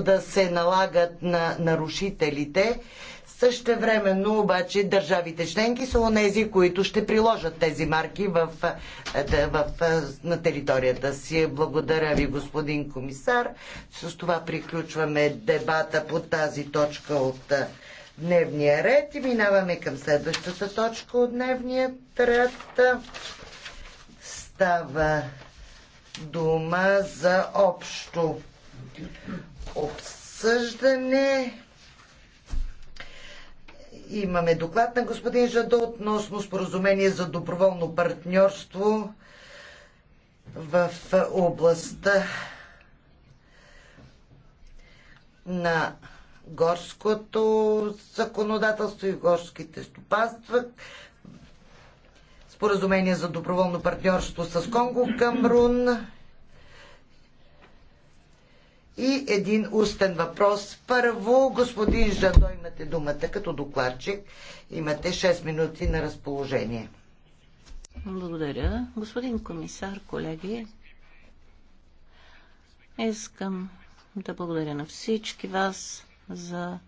да се налагат на нарушителите. Същевременно обаче държавите членки са онези, които ще приложат тези марки в, в, на територията си. Благодаря ви, господин комисар. С това приключваме дебата по тази точка от дневния ред и минаваме към следващата точка от дневния ред. Става дума за общо обсъждане. Имаме доклад на господин Жадо относно споразумение за доброволно партньорство в областта на горското законодателство и горските стопанства, споразумение за доброволно партньорство с Конго, Камрун, и един устен въпрос. Първо, господин Жадо, имате думата като докладчик. Имате 6 минути на разположение. Благодаря. Господин комисар, колеги, искам да благодаря на всички вас за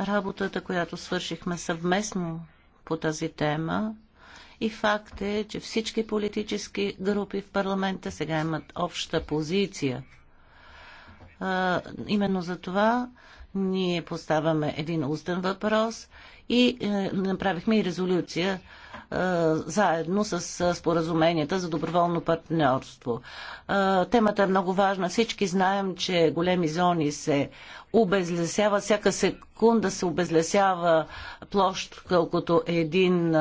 работата, която свършихме съвместно по тази тема. И факт е, че всички политически групи в парламента сега имат обща позиция – а, именно за това ние поставяме един устен въпрос и е, направихме и резолюция е, заедно с е, споразуменията за доброволно партньорство. Е, темата е много важна. Всички знаем, че големи зони се обезлесява. Всяка секунда се обезлесява площ, колкото един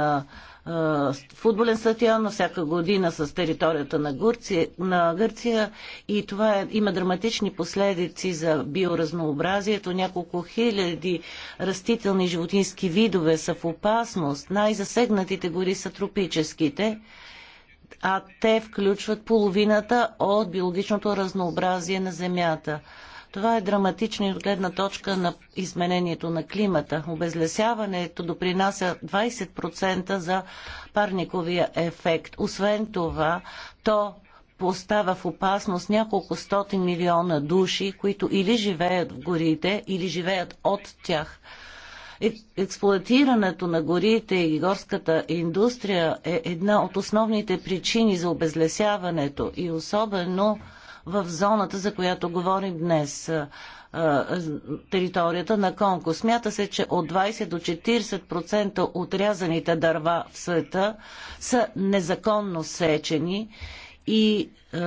футболен стадион на всяка година с територията на Гърция, на Гърция и това е, има драматични последици за биоразнообразието. Няколко хиляди растителни животински видове са в опасност. Най-засегнатите гори са тропическите а те включват половината от биологичното разнообразие на Земята. Това е драматично и от гледна точка на изменението на климата. Обезлесяването допринася 20% за парниковия ефект. Освен това, то поставя в опасност няколко стотин милиона души, които или живеят в горите, или живеят от тях. Е, Експлоатирането на горите и горската индустрия е една от основните причини за обезлесяването и особено в зоната, за която говорим днес, територията на Конго. Смята се, че от 20 до 40% отрязаните дърва в света са незаконно сечени и е,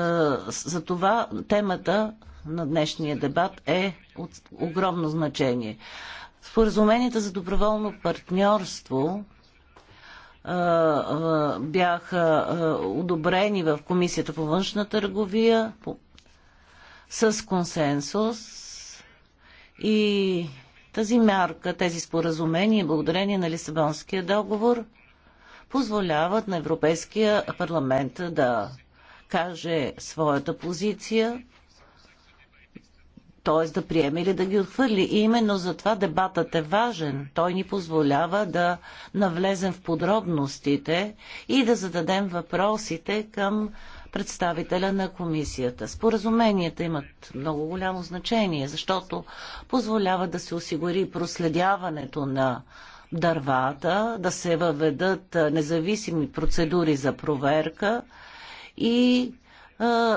за това темата на днешния дебат е от огромно значение. Споразуменията за доброволно партньорство бяха одобрени в Комисията по външна търговия, по с консенсус и тази мярка, тези споразумения, благодарение на Лисабонския договор, позволяват на Европейския парламент да каже своята позиция, т.е. да приеме или да ги отхвърли. И именно за това дебатът е важен. Той ни позволява да навлезем в подробностите и да зададем въпросите към представителя на комисията. Споразуменията имат много голямо значение, защото позволява да се осигури проследяването на дървата, да се въведат независими процедури за проверка и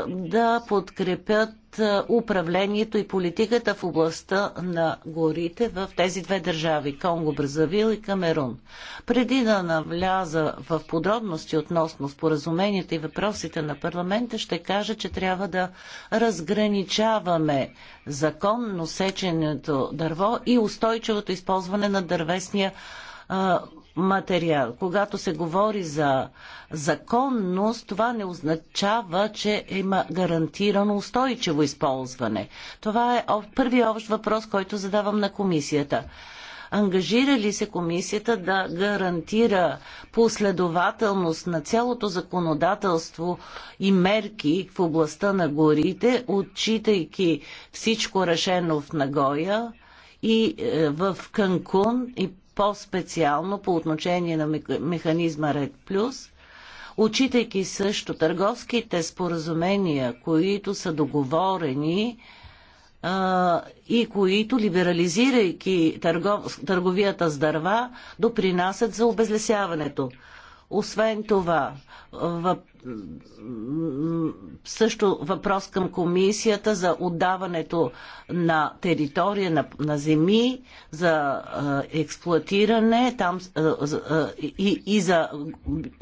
да подкрепят управлението и политиката в областта на горите в тези две държави Конго, Бразавил и Камерун. Преди да навляза в подробности относно споразуменията и въпросите на парламента, ще кажа, че трябва да разграничаваме законно сеченето дърво и устойчивото използване на дървесния материал. Когато се говори за законност, това не означава, че има гарантирано устойчиво използване. Това е първи общ въпрос, който задавам на комисията. Ангажира ли се комисията да гарантира последователност на цялото законодателство и мерки в областта на горите, отчитайки всичко решено в Нагоя и е, в Канкун и по-специално по отношение на механизма Ред Плюс, отчитайки също търговските споразумения, които са договорени а, и които, либерализирайки търгов, търговията с дърва, допринасят за обезлесяването. Освен това, въп... също въпрос към комисията за отдаването на територия на, на земи за е, експлуатиране там, е, е, и, и за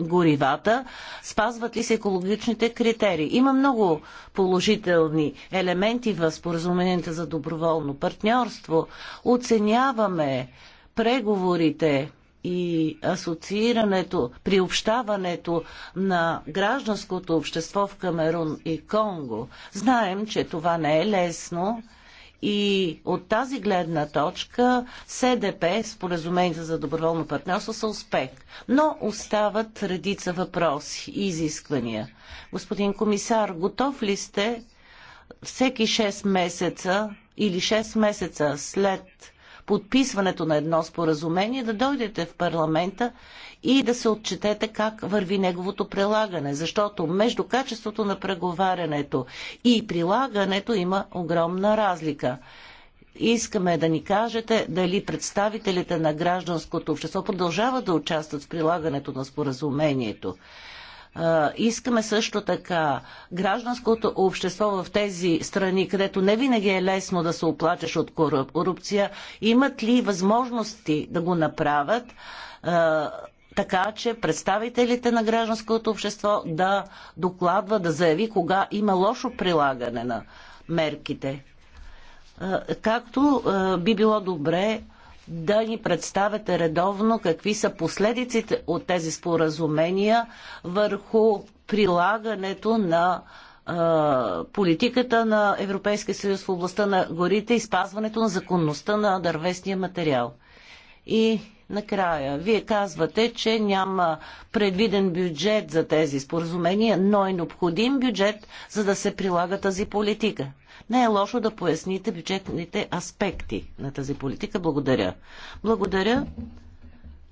горивата. Спазват ли се екологичните критерии? Има много положителни елементи в споразумението за доброволно партньорство. Оценяваме преговорите и асоциирането, приобщаването на гражданското общество в Камерун и Конго. Знаем, че това не е лесно и от тази гледна точка СДП, споразумението за доброволно партньорство, са успех. Но остават редица въпроси и изисквания. Господин комисар, готов ли сте всеки 6 месеца или 6 месеца след подписването на едно споразумение, да дойдете в парламента и да се отчетете как върви неговото прилагане, защото между качеството на преговарянето и прилагането има огромна разлика. Искаме да ни кажете дали представителите на гражданското общество продължават да участват в прилагането на споразумението. Искаме също така гражданското общество в тези страни, където не винаги е лесно да се оплачеш от корупция, имат ли възможности да го направят, така че представителите на гражданското общество да докладва, да заяви кога има лошо прилагане на мерките. Както би било добре да ни представяте редовно какви са последиците от тези споразумения върху прилагането на политиката на Европейския съюз в областта на горите и спазването на законността на дървесния материал. И Накрая, вие казвате, че няма предвиден бюджет за тези споразумения, но е необходим бюджет, за да се прилага тази политика. Не е лошо да поясните бюджетните аспекти на тази политика. Благодаря. Благодаря.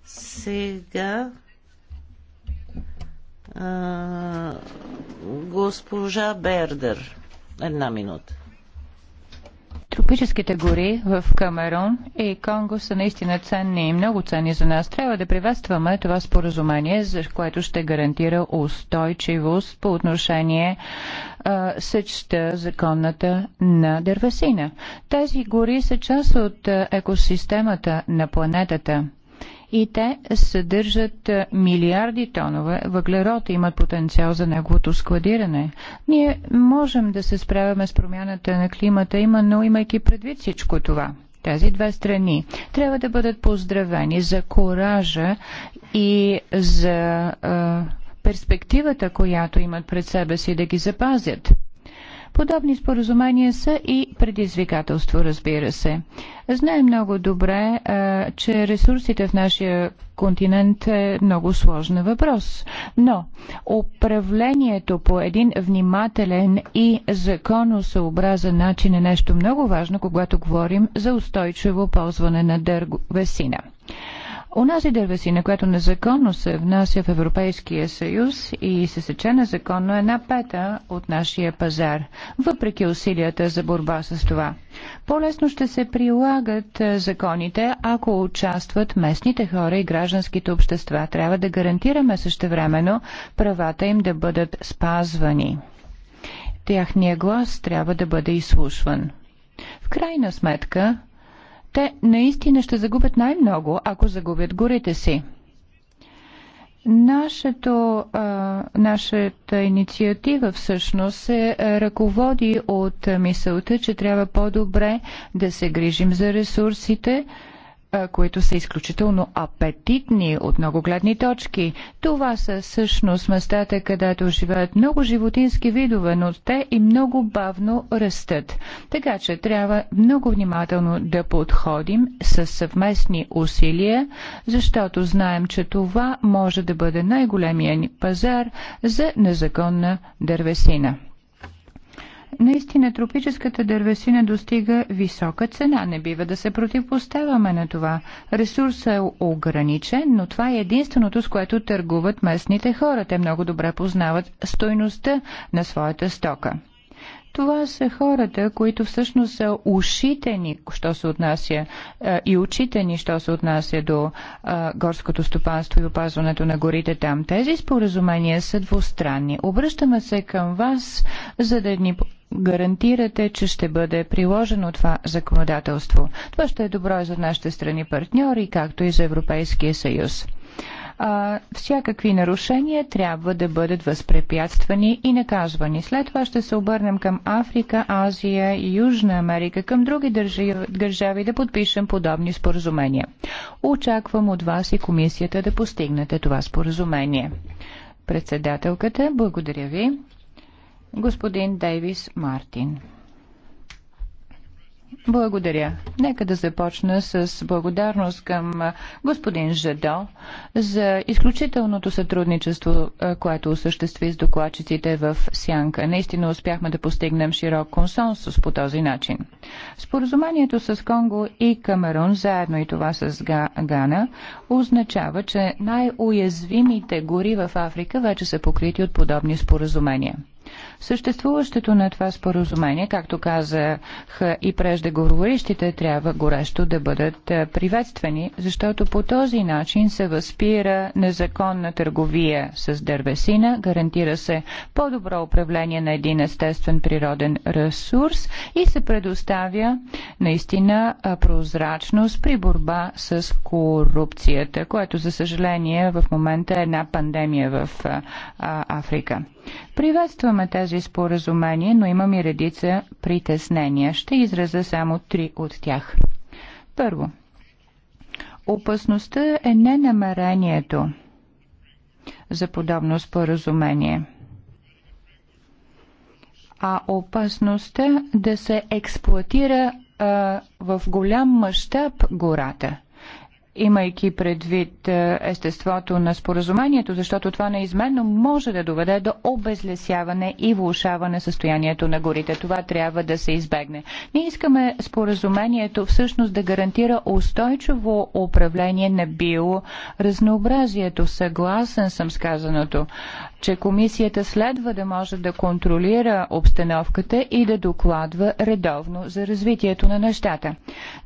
Сега а, госпожа Бердер. Една минута. Тропическите гори в Камерун и Конго са наистина ценни и много ценни за нас. Трябва да приветстваме това споразумение, за което ще гарантира устойчивост по отношение а, съчта законната на дървесина. Тези гори са част от екосистемата на планетата и те съдържат е, милиарди тонове въглерод и имат потенциал за неговото складиране. Ние можем да се справяме с промяната на климата, именно имайки предвид всичко това. Тези две страни трябва да бъдат поздравени за коража и за а, е, перспективата, която имат пред себе си да ги запазят. Подобни споразумения са и предизвикателство, разбира се. знаем много добре, че ресурсите в нашия континент е много сложен въпрос. Но управлението по един внимателен и законосъобразен начин е нещо много важно, когато говорим за устойчиво ползване на дървесина. Унази дървесина, която незаконно се внася в Европейския съюз и се сече незаконно е една пета от нашия пазар, въпреки усилията за борба с това. По-лесно ще се прилагат е, законите, ако участват местните хора и гражданските общества. Трябва да гарантираме същевременно правата им да бъдат спазвани. Тяхния глас трябва да бъде изслушван. В крайна сметка, те наистина ще загубят най-много, ако загубят горите си. Нашето, а, нашата инициатива всъщност се ръководи от мисълта, че трябва по-добре да се грижим за ресурсите, които са изключително апетитни от много гледни точки. Това са всъщност местата, където живеят много животински видове, но те и много бавно растат. Така че трябва много внимателно да подходим с съвместни усилия, защото знаем, че това може да бъде най-големия ни пазар за незаконна дървесина наистина тропическата дървесина достига висока цена. Не бива да се противопоставяме на това. Ресурсът е ограничен, но това е единственото, с което търгуват местните хора. Те много добре познават стойността на своята стока. Това са хората, които всъщност са ушите ни, що се отнася и очите ни, що се отнася до горското стопанство и опазването на горите там. Тези споразумения са двустранни. Обръщаме се към вас, за да ни гарантирате, че ще бъде приложено това законодателство? Това ще е добро и за нашите страни партньори, както и за Европейския съюз. А, всякакви нарушения трябва да бъдат възпрепятствани и наказвани. След това ще се обърнем към Африка, Азия и Южна Америка, към други държави, държави да подпишем подобни споразумения. Очаквам от вас и комисията да постигнете това споразумение. Председателката, благодаря ви господин Дейвис Мартин. Благодаря. Нека да започна с благодарност към господин Жадо за изключителното сътрудничество, което осъществи с докладчиците в Сянка. Наистина успяхме да постигнем широк консенсус по този начин. Споразумението с Конго и Камерун, заедно и това с Гана, означава, че най-уязвимите гори в Африка вече са покрити от подобни споразумения. Съществуващето на това споразумение, както казах и преждеговорищите, трябва горещо да бъдат приветствени, защото по този начин се възпира незаконна търговия с дървесина, гарантира се по-добро управление на един естествен природен ресурс и се предоставя наистина прозрачност при борба с корупцията, което за съжаление в момента е една пандемия в Африка. Приветстваме имаме тези споразумения, но имам и редица притеснения. Ще изразя само три от тях. Първо, опасността е не намерението за подобно споразумение – а опасността да се експлуатира а, в голям мащаб гората имайки предвид е, естеството на споразумението, защото това неизменно може да доведе до обезлесяване и влушаване състоянието на горите. Това трябва да се избегне. Ние искаме споразумението всъщност да гарантира устойчиво управление на биоразнообразието. Съгласен съм с казаното, че комисията следва да може да контролира обстановката и да докладва редовно за развитието на нещата.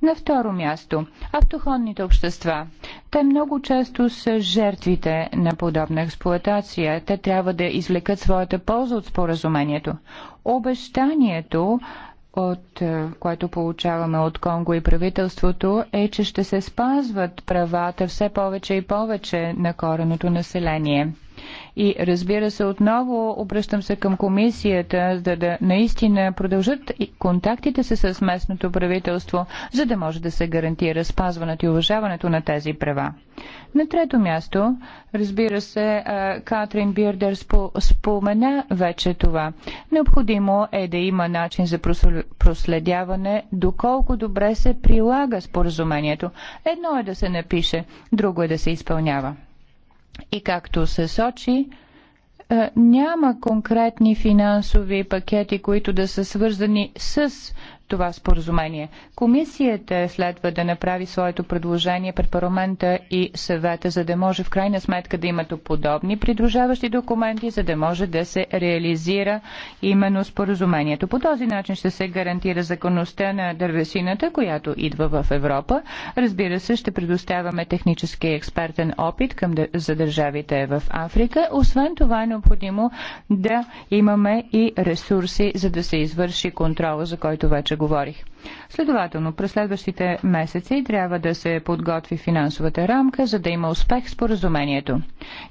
На второ място, автохонните общества общества. Те много често са жертвите на подобна експлоатация. Те трябва да извлекат своята полза от споразумението. Обещанието от е, което получаваме от Конго и правителството е, че ще се спазват правата все повече и повече на кореното население. И разбира се, отново обръщам се към комисията, за да наистина продължат и контактите се с местното правителство, за да може да се гарантира спазването и уважаването на тези права. На трето място, разбира се, Катрин Бирдер спомена вече това. Необходимо е да има начин за проследяване доколко добре се прилага споразумението. Едно е да се напише, друго е да се изпълнява. И както се сочи, е, няма конкретни финансови пакети, които да са свързани с е, това споразумение. Комисията следва да направи своето предложение пред парламента и съвета, за да може в крайна сметка да имат подобни придружаващи документи, за да може да се реализира именно споразумението. По този начин ще се гарантира законността на дървесината, която идва в Европа. Разбира се, ще предоставяме технически експертен опит към, за държавите в Африка. Освен това е необходимо да имаме и ресурси, за да се извърши контрола, за който вече говорих. Следователно, през следващите месеци трябва да се подготви финансовата рамка, за да има успех споразумението.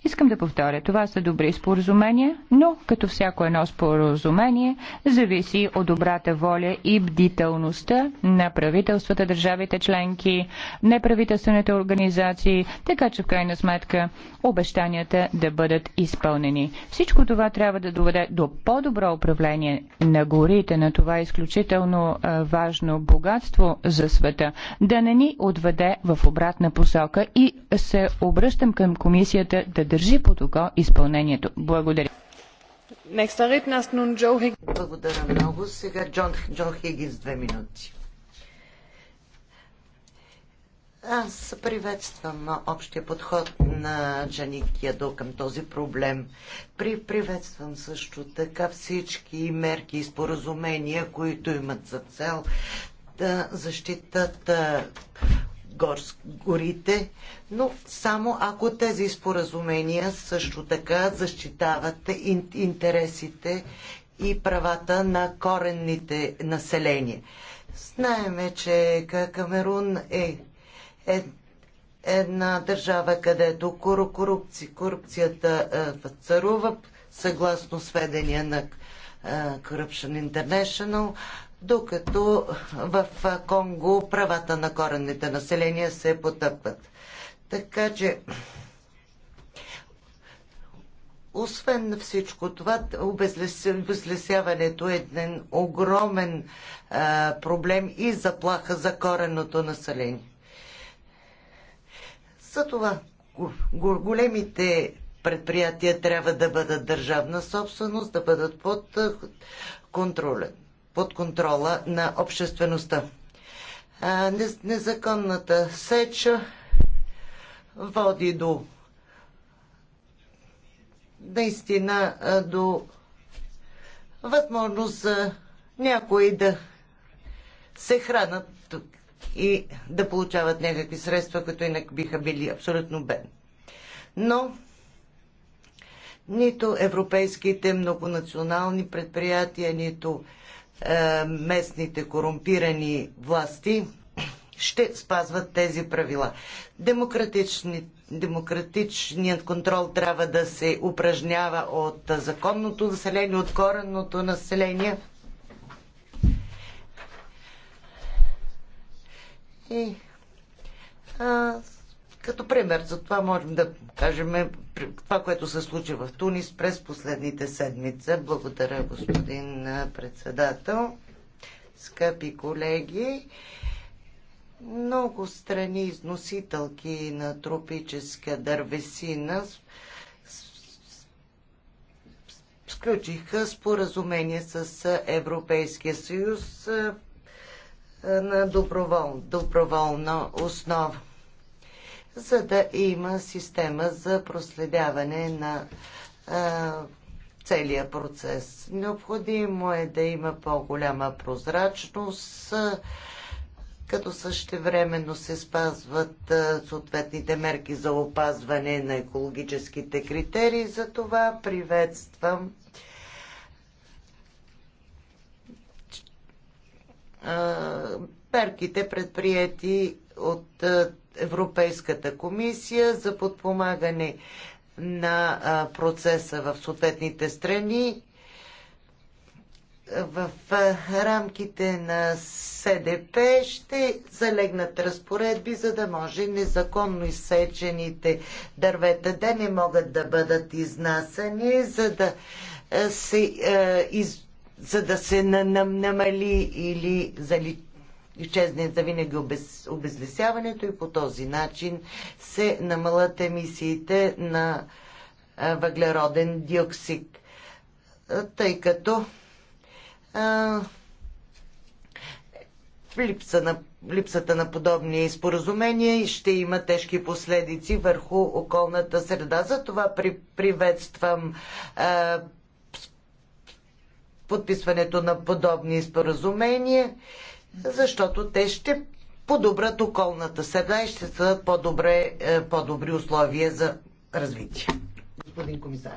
Искам да повторя, това са добри споразумения, но като всяко едно споразумение зависи от добрата воля и бдителността на правителствата, държавите членки, неправителствените организации, така че в крайна сметка обещанията да бъдат изпълнени. Всичко това трябва да доведе до по-добро управление на горите, на това изключително важно богатство за света, да не ни отведе в обратна посока и се обръщам към комисията да държи под око изпълнението. Благодаря. Благодаря много. Сега Джон, Джон Хигинс, две минути. Аз приветствам общия подход на Джаник Ядо към този проблем. При, приветствам също така всички мерки и споразумения, които имат за цел да защитат горите, но само ако тези споразумения също така защитават интересите и правата на коренните населения. Знаеме, че Камерун е е една държава, където корупци, корупцията е, царува, съгласно сведения на е, Corruption International, докато в е, Конго правата на коренните населения се потъпват. Така че, освен на всичко това, обезлесяването е един огромен а, е, проблем и заплаха за коренното население. За това големите предприятия трябва да бъдат държавна собственост, да бъдат под е, контроля, под контрола на обществеността. Незаконната сеча води до наистина е, до възможност за някои да се хранат и да получават някакви средства, като инак биха били абсолютно бедни. Но нито европейските многонационални предприятия, нито е, местните корумпирани власти ще спазват тези правила. Демократични, демократичният контрол трябва да се упражнява от законното население, от коренното население – И а, като пример за това можем да кажем това, което се случи в Тунис през последните седмица. Благодаря, господин председател. Скъпи колеги, много страни износителки на тропическа дървесина сключиха споразумение с Европейския съюз е, на добровол, доброволна основа, за да има система за проследяване на а, е, целият процес. Необходимо е да има по-голяма прозрачност, е, като същевременно се спазват съответните мерки за опазване на екологическите критерии. За това приветствам мерките предприяти от е, Европейската комисия за подпомагане на е, процеса в съответните страни в е, рамките на СДП ще залегнат разпоредби, за да може незаконно изсечените дървета да не могат да бъдат изнасани, за да се, за да се намали или заличи изчезне завинаги обез, обезлесяването и по този начин се намалят емисиите на въглероден диоксид. Тъй като а, липса на, липсата на подобни споразумения ще има тежки последици върху околната среда. Затова при, приветствам а, подписването на подобни споразумения защото те ще подобрят околната среда и ще са по-добре, е, по-добри условия за развитие. Господин комисар.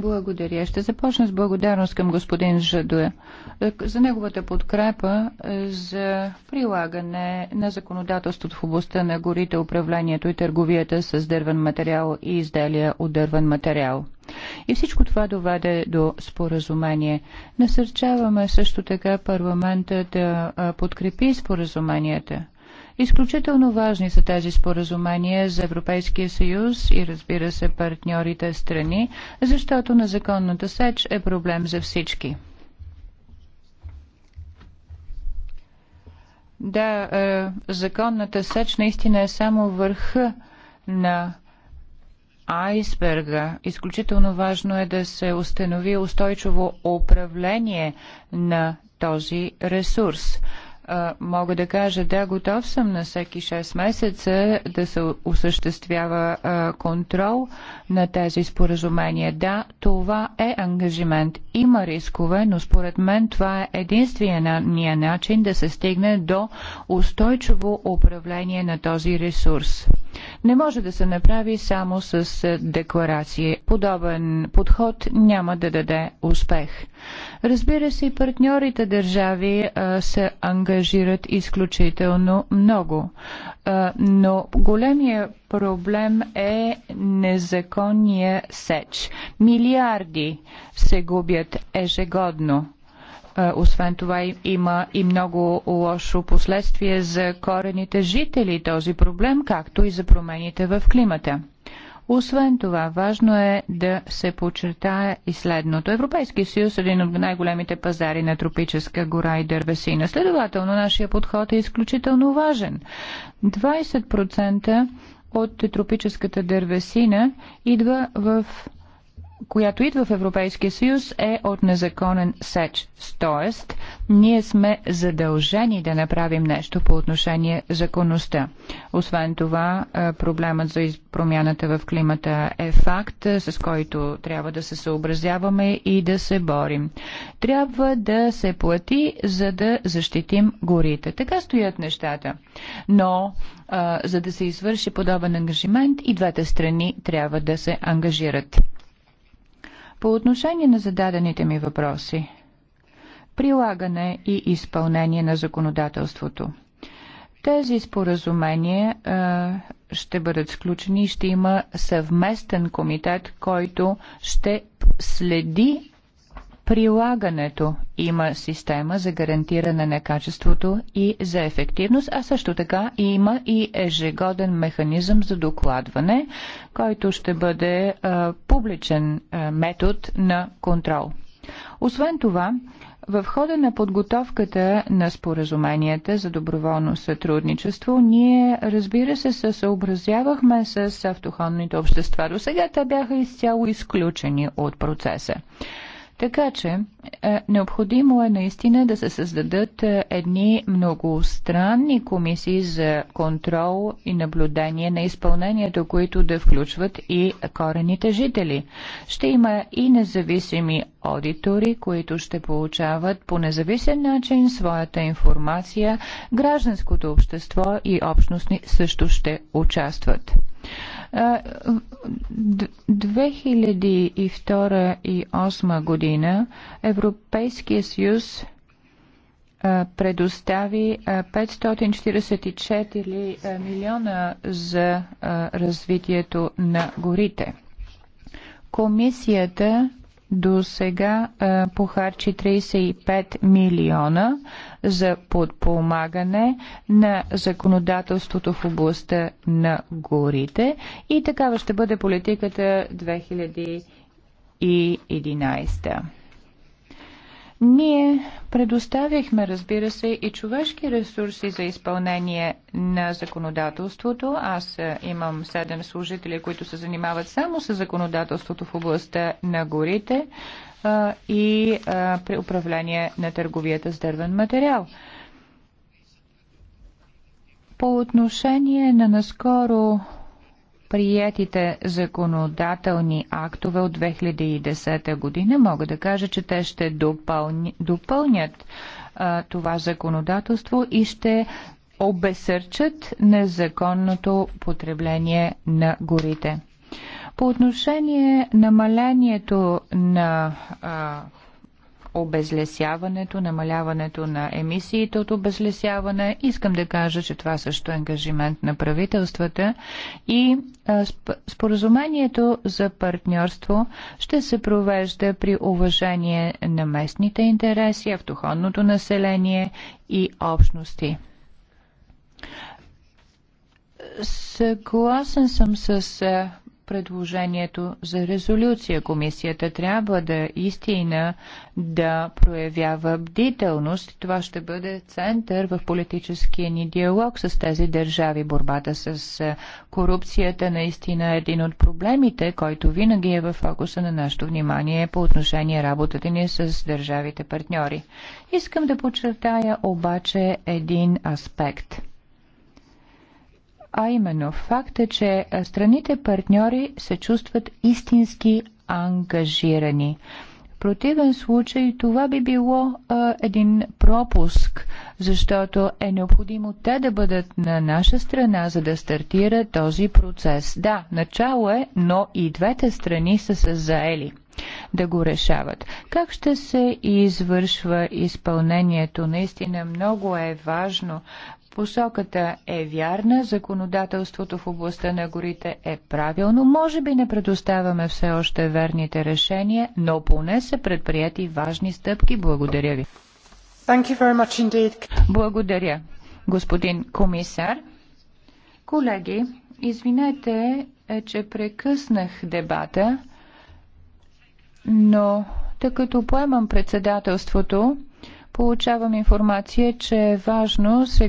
Благодаря. Ще започна с благодарност към господин Жадуя е, за неговата подкрепа е, за прилагане на законодателството в областта на горите, управлението и търговията с дървен материал и изделия от дървен материал. И всичко това доведе до споразумение. Насърчаваме също така парламента да е, подкрепи споразуменията – Изключително важни са тези споразумения за Европейския съюз и разбира се партньорите страни, защото незаконната сеч е проблем за всички. Да, е, законната сеч наистина е само върха на айсберга. Изключително важно е да се установи устойчиво управление на този ресурс мога да кажа, да, готов съм на всеки 6 месеца да се осъществява контрол на тези споразумения. Да, това е ангажимент. Има рискове, но според мен това е единствения начин да се стигне до устойчиво управление на този ресурс не може да се направи само с е, декларации. Подобен подход няма да даде успех. Разбира се, и партньорите държави а, е, се ангажират изключително много, а, е, но големия проблем е незаконния сеч. Милиарди се губят ежегодно освен това има и много лошо последствие за корените жители този проблем, както и за промените в климата. Освен това, важно е да се подчертае и следното. Европейския съюз е един от най-големите пазари на тропическа гора и дървесина. Следователно, нашия подход е изключително важен. 20% от тропическата дървесина идва в която идва в Европейския съюз, е от незаконен сеч. Тоест, ние сме задължени да направим нещо по отношение законността. Освен това, е, проблемът за промяната в климата е факт, е, с който трябва да се съобразяваме и да се борим. Трябва да се плати, за да защитим горите. Така стоят нещата. Но, е, за да се извърши подобен ангажимент, и двете страни трябва да се ангажират. По отношение на зададените ми въпроси. Прилагане и изпълнение на законодателството. Тези споразумения а, ще бъдат сключени и ще има съвместен комитет, който ще следи прилагането има система за гарантиране на качеството и за ефективност, а също така има и ежегоден механизъм за докладване, който ще бъде а, публичен а, метод на контрол. Освен това, в хода на подготовката на споразуменията за доброволно сътрудничество, ние, разбира се, се съобразявахме с автохонните общества. До сега те бяха изцяло изключени от процеса. Така че е, необходимо е наистина да се създадат е, едни многостранни комисии за контрол и наблюдение на изпълнението, които да включват и корените жители. Ще има и независими аудитори, които ще получават по независен начин своята информация. Гражданското общество и общностни също ще участват. 2002 и 2008 година Европейския съюз предостави 544 милиона за развитието на горите. Комисията до сега е, похарчи 35 милиона за подпомагане на законодателството в областта на горите и такава ще бъде политиката 2011. Ние предоставихме, разбира се, и човешки ресурси за изпълнение на законодателството. Аз е, имам седем служители, които се занимават само с законодателството в областта на горите а, е, и а, е, при управление на търговията с дървен материал. По отношение на наскоро приятите законодателни актове от 2010 година. Мога да кажа, че те ще допълни, допълнят а, това законодателство и ще обесърчат незаконното потребление на горите. По отношение намалението на а, обезлесяването, намаляването на емисиите от обезлесяване. Искам да кажа, че това също е ангажимент на правителствата и споразумението за партньорство ще се провежда при уважение на местните интереси, автохонното население и общности. Съгласен съм с предложението за резолюция. Комисията трябва да истина да проявява бдителност. Това ще бъде център в политическия ни диалог с тези държави. Борбата с корупцията наистина е един от проблемите, който винаги е в фокуса на нашето внимание по отношение работата ни с държавите партньори. Искам да подчертая обаче един аспект – а именно факта, че страните партньори се чувстват истински ангажирани. В противен случай това би било а, един пропуск, защото е необходимо те да бъдат на наша страна, за да стартира този процес. Да, начало е, но и двете страни са се заели да го решават. Как ще се извършва изпълнението? Наистина много е важно Посоката е вярна, законодателството в областта на горите е правилно. Може би не предоставяме все още верните решения, но поне са предприяти важни стъпки. Благодаря ви. Благодаря, господин комисар. Колеги, извинете, е, че прекъснах дебата, но тъй като поемам председателството, получавам информация, че е важно сега